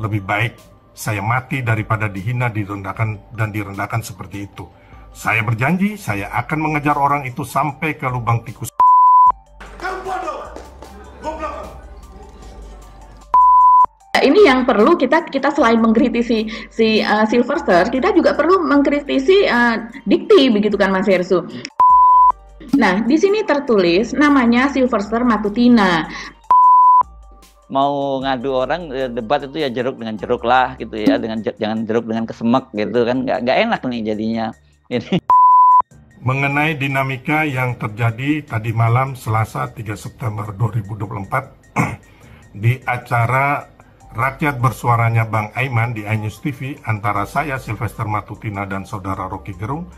lebih baik saya mati daripada dihina, direndahkan, dan direndahkan seperti itu. Saya berjanji, saya akan mengejar orang itu sampai ke lubang tikus. Ini yang perlu kita kita selain mengkritisi si uh, eh, Silverster, kita juga perlu mengkritisi uh, Dikti begitu kan Mas Hersu. Nah, di sini tertulis namanya Silverster Matutina mau ngadu orang eh, debat itu ya jeruk dengan jeruk lah gitu ya dengan jangan jeruk dengan kesemek gitu kan nggak nggak enak nih jadinya ini mengenai dinamika yang terjadi tadi malam Selasa 3 September 2024 di acara Rakyat Bersuaranya Bang Aiman di iNews TV antara saya Sylvester Matutina dan saudara Rocky Gerung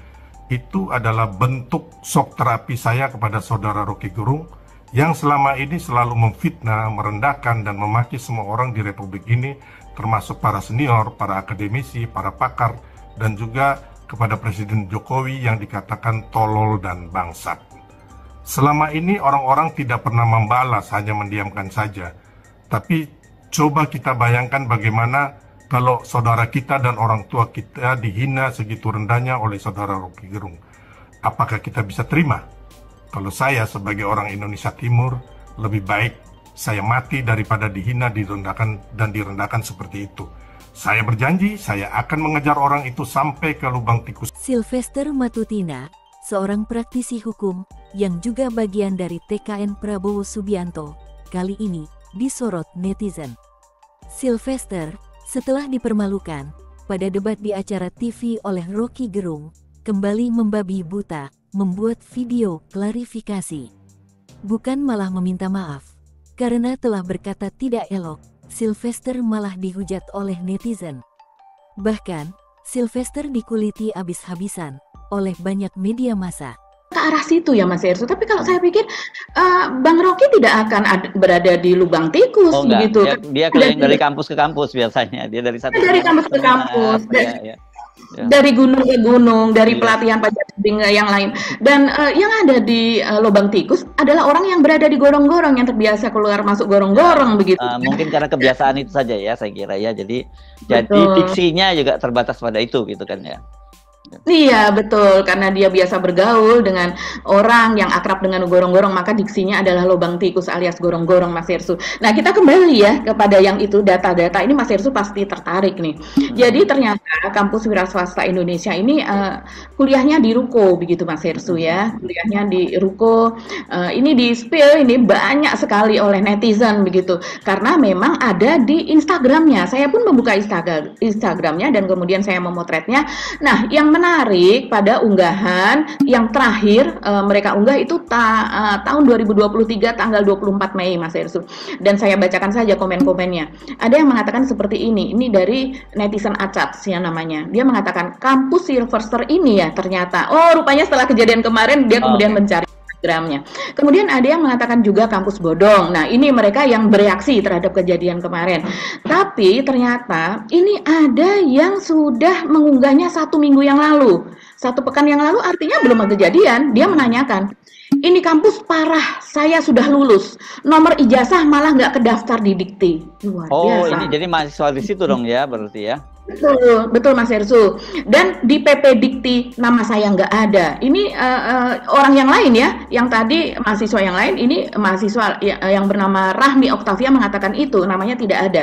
itu adalah bentuk sok terapi saya kepada saudara Rocky Gerung yang selama ini selalu memfitnah, merendahkan, dan memaki semua orang di Republik ini, termasuk para senior, para akademisi, para pakar, dan juga kepada Presiden Jokowi yang dikatakan tolol dan bangsat. Selama ini orang-orang tidak pernah membalas, hanya mendiamkan saja. Tapi coba kita bayangkan bagaimana kalau saudara kita dan orang tua kita dihina segitu rendahnya oleh saudara Rocky Gerung. Apakah kita bisa terima? Kalau saya sebagai orang Indonesia Timur, lebih baik saya mati daripada dihina, direndahkan, dan direndahkan seperti itu. Saya berjanji, saya akan mengejar orang itu sampai ke lubang tikus. Sylvester Matutina, seorang praktisi hukum, yang juga bagian dari TKN Prabowo Subianto, kali ini disorot netizen. Sylvester, setelah dipermalukan, pada debat di acara TV oleh Rocky Gerung, kembali membabi buta membuat video klarifikasi. Bukan malah meminta maaf, karena telah berkata tidak elok, Sylvester malah dihujat oleh netizen. Bahkan, Sylvester dikuliti habis habisan oleh banyak media massa ke arah situ ya Mas Ersu Tapi kalau saya pikir uh, Bang Rocky tidak akan ad- berada di lubang tikus oh, begitu. Dia, dia keliling dari kampus ke kampus biasanya. Dia dari satu dari kampus ke kampus. Dan, ya, ya Ya. Dari gunung ke gunung, dari ya. pelatihan pajak yang lain. Dan uh, yang ada di uh, lubang tikus adalah orang yang berada di gorong-gorong yang terbiasa keluar masuk gorong-gorong ah, begitu. Uh, mungkin karena kebiasaan itu saja ya saya kira ya. Jadi Betul. jadi fiksinya juga terbatas pada itu gitu kan ya. Iya betul karena dia biasa bergaul dengan orang yang akrab dengan gorong-gorong maka diksinya adalah lubang tikus alias gorong-gorong Mas Hersu. Nah kita kembali ya kepada yang itu data-data ini Mas Hersu pasti tertarik nih. Hmm. Jadi ternyata kampus wira swasta Indonesia ini uh, kuliahnya di Ruko begitu Mas Hersu ya hmm. kuliahnya di Ruko uh, ini di spill ini banyak sekali oleh netizen begitu karena memang ada di Instagramnya. Saya pun membuka Instagram Instagramnya dan kemudian saya memotretnya. Nah yang menarik pada unggahan yang terakhir e, mereka unggah itu ta, e, tahun 2023 tanggal 24 Mei Mas Ersul. Dan saya bacakan saja komen-komennya. Ada yang mengatakan seperti ini. Ini dari netizen Acat yang namanya. Dia mengatakan kampus Silverster ini ya ternyata. Oh, rupanya setelah kejadian kemarin dia kemudian mencari gramnya. Kemudian ada yang mengatakan juga kampus bodong. Nah, ini mereka yang bereaksi terhadap kejadian kemarin. Tapi ternyata ini ada yang sudah mengunggahnya satu minggu yang lalu. Satu pekan yang lalu artinya belum ada kejadian. Dia menanyakan, ini kampus parah, saya sudah lulus. Nomor ijazah malah nggak kedaftar di dikti. Luar oh, biasa. ini jadi mahasiswa di situ dong ya berarti ya? Betul, betul Mas Ersu. Dan di PP Dikti nama saya nggak ada. Ini uh, uh, orang yang lain ya, yang tadi mahasiswa yang lain, ini mahasiswa ya, eh, yang bernama Rahmi Oktavia mengatakan itu, namanya tidak ada.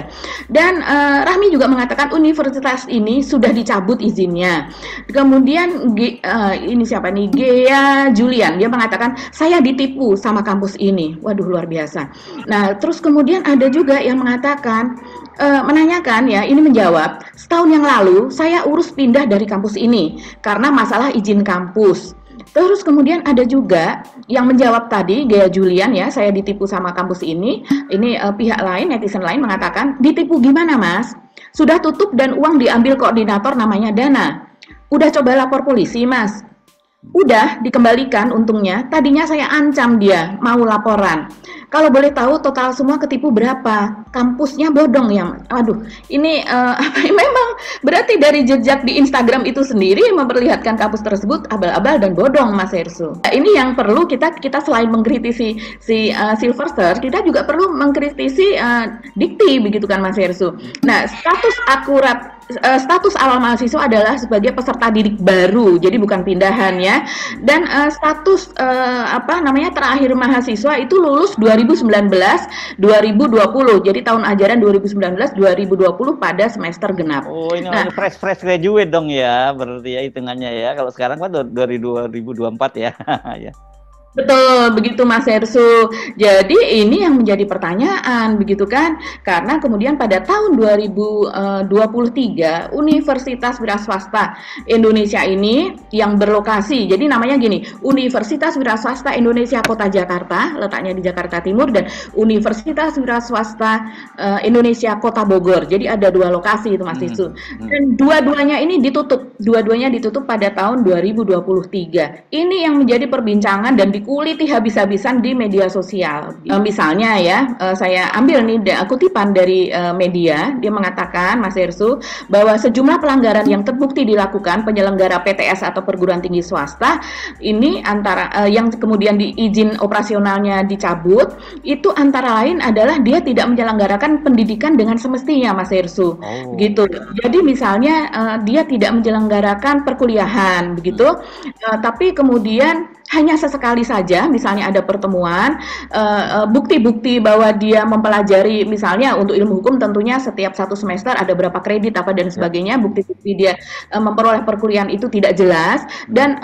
Dan uh, Rahmi juga mengatakan universitas ini sudah dicabut izinnya. Kemudian uh, ini siapa nih? Gea Julian, dia mengatakan saya ditipu sama kampus ini. Waduh luar biasa. Nah, terus kemudian ada juga yang mengatakan uh, menanyakan ya, ini menjawab, setahun yang lalu saya urus pindah dari kampus ini karena masalah izin kampus. Terus kemudian ada juga yang menjawab tadi Gaya Julian ya, saya ditipu sama kampus ini. Ini uh, pihak lain netizen lain mengatakan, "Ditipu gimana, Mas? Sudah tutup dan uang diambil koordinator namanya Dana. Udah coba lapor polisi, Mas. Udah dikembalikan untungnya. Tadinya saya ancam dia mau laporan. Kalau boleh tahu total semua ketipu berapa? Kampusnya bodong ya. Aduh, ini uh, memang berarti dari jejak di Instagram itu sendiri memperlihatkan kampus tersebut abal-abal dan bodong Mas Hersu. Eh, ini yang perlu kita kita selain mengkritisi si uh, eh, Silverster, kita juga perlu mengkritisi uh, dikti begitu kan Mas Hersu. Nah, status akurat Eh, status awal mahasiswa adalah sebagai peserta didik baru, jadi bukan pindahan ya. Dan uh, status uh, apa namanya terakhir mahasiswa itu lulus 2019-2020. Jadi tahun ajaran 2019-2020 pada semester genap. Oh, ini nah, fresh fresh graduate dong ya, berarti ya hitungannya ya. Kalau sekarang kan dari 2024 ya. ya. Betul, begitu Mas Ersu. Jadi ini yang menjadi pertanyaan, begitu kan? Karena kemudian pada tahun 2023, eh, Universitas Wira Swasta Indonesia ini yang berlokasi, jadi namanya gini, Universitas Wira Swasta Indonesia Kota Jakarta, letaknya di Jakarta Timur, dan Universitas Wira Swasta eh, Indonesia Kota Bogor. Jadi ada dua lokasi itu Mas hmm, Ersu. Hmm. Dan dua-duanya ini ditutup, dua-duanya ditutup pada tahun 2023. Ini yang menjadi perbincangan dan di dikuliti habis-habisan di media sosial. E, misalnya ya, e, saya ambil nih da, kutipan dari e, media, dia mengatakan Mas Ersu bahwa sejumlah pelanggaran yang terbukti dilakukan penyelenggara PTS atau perguruan tinggi swasta ini antara e, yang kemudian diizin operasionalnya dicabut itu antara lain adalah dia tidak menyelenggarakan pendidikan dengan semestinya Mas Ersu. Oh. Gitu. Jadi misalnya e, dia tidak menyelenggarakan perkuliahan begitu, e, tapi kemudian hanya sesekali saja, misalnya ada pertemuan, eh, eh, bukti-bukti bahwa dia mempelajari, misalnya untuk ilmu hukum tentunya setiap satu semester ada berapa kredit apa dan ya. sebagainya, bukti-bukti dia eh, memperoleh perkuliahan itu tidak jelas dan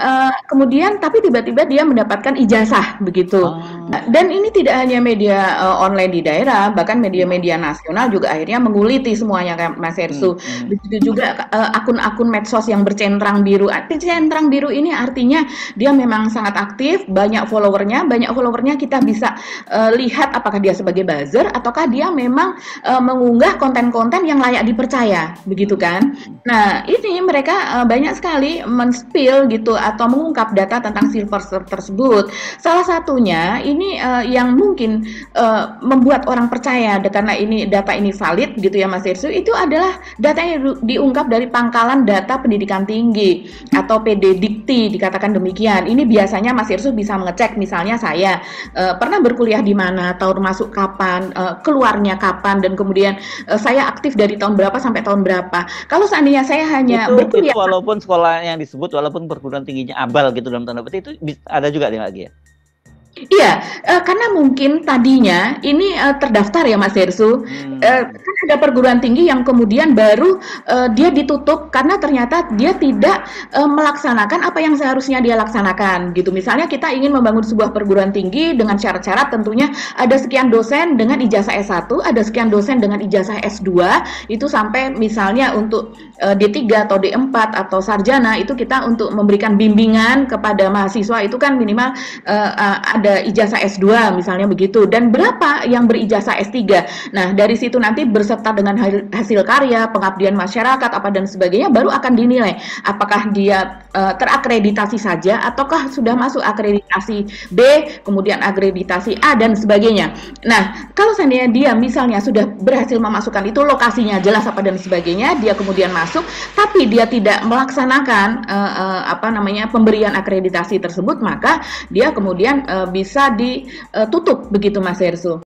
kemudian tapi tiba-tiba dia mendapatkan ijazah begitu. Oh. Nah, dan ini tidak hanya media online di daerah, bahkan media-media nasional juga akhirnya menguliti semuanya kayak Mas Ersu. Hmm, hmm. Begitu juga akun-akun medsos yang bercentrang biru. Centrang biru ini artinya dia memang sangat aktif, banyak followernya, banyak followernya kita bisa uh, lihat apakah dia sebagai buzzer ataukah dia memang uh, mengunggah konten-konten yang layak dipercaya, begitu kan? Nah ini mereka uh, banyak sekali men-spill gitu atau mengungkap data tentang silver tersebut. Salah satunya ini uh, yang mungkin uh, membuat orang percaya karena ini data ini valid gitu ya Mas Irsu itu adalah data yang diungkap dari pangkalan data pendidikan tinggi atau PDDikti dikatakan demikian. Ini biasanya misalnya Mas Irsu bisa mengecek misalnya saya e, pernah berkuliah di mana, tahun masuk kapan, e, keluarnya kapan dan kemudian e, saya aktif dari tahun berapa sampai tahun berapa. Kalau seandainya saya hanya itu, berkuliah itu walaupun sekolah yang disebut walaupun perguruan tingginya abal gitu dalam tanda petik itu ada juga nih lagi ya. Iya, karena mungkin tadinya ini terdaftar ya Mas Hersu. Hmm. Kan ada perguruan tinggi yang kemudian baru uh, dia ditutup karena ternyata dia tidak uh, melaksanakan apa yang seharusnya dia laksanakan gitu. Misalnya kita ingin membangun sebuah perguruan tinggi dengan syarat-syarat tentunya ada sekian dosen dengan ijazah S1, ada sekian dosen dengan ijazah S2, itu sampai misalnya untuk uh, eh, D3 atau D4 atau sarjana itu kita untuk memberikan bimbingan kepada mahasiswa itu kan minimal uh, ada ijazah S2 misalnya begitu dan berapa yang berijazah S3. Nah, dari situ nanti bersama serta dengan hasil karya, pengabdian masyarakat, apa dan sebagainya baru akan dinilai apakah dia uh, terakreditasi saja ataukah sudah masuk akreditasi B, kemudian akreditasi A dan sebagainya. Nah, kalau seandainya dia misalnya sudah berhasil memasukkan itu lokasinya jelas apa dan sebagainya, dia kemudian masuk tapi dia tidak melaksanakan uh, uh, apa namanya pemberian akreditasi tersebut, maka dia kemudian uh, bisa ditutup begitu Mas Hersul.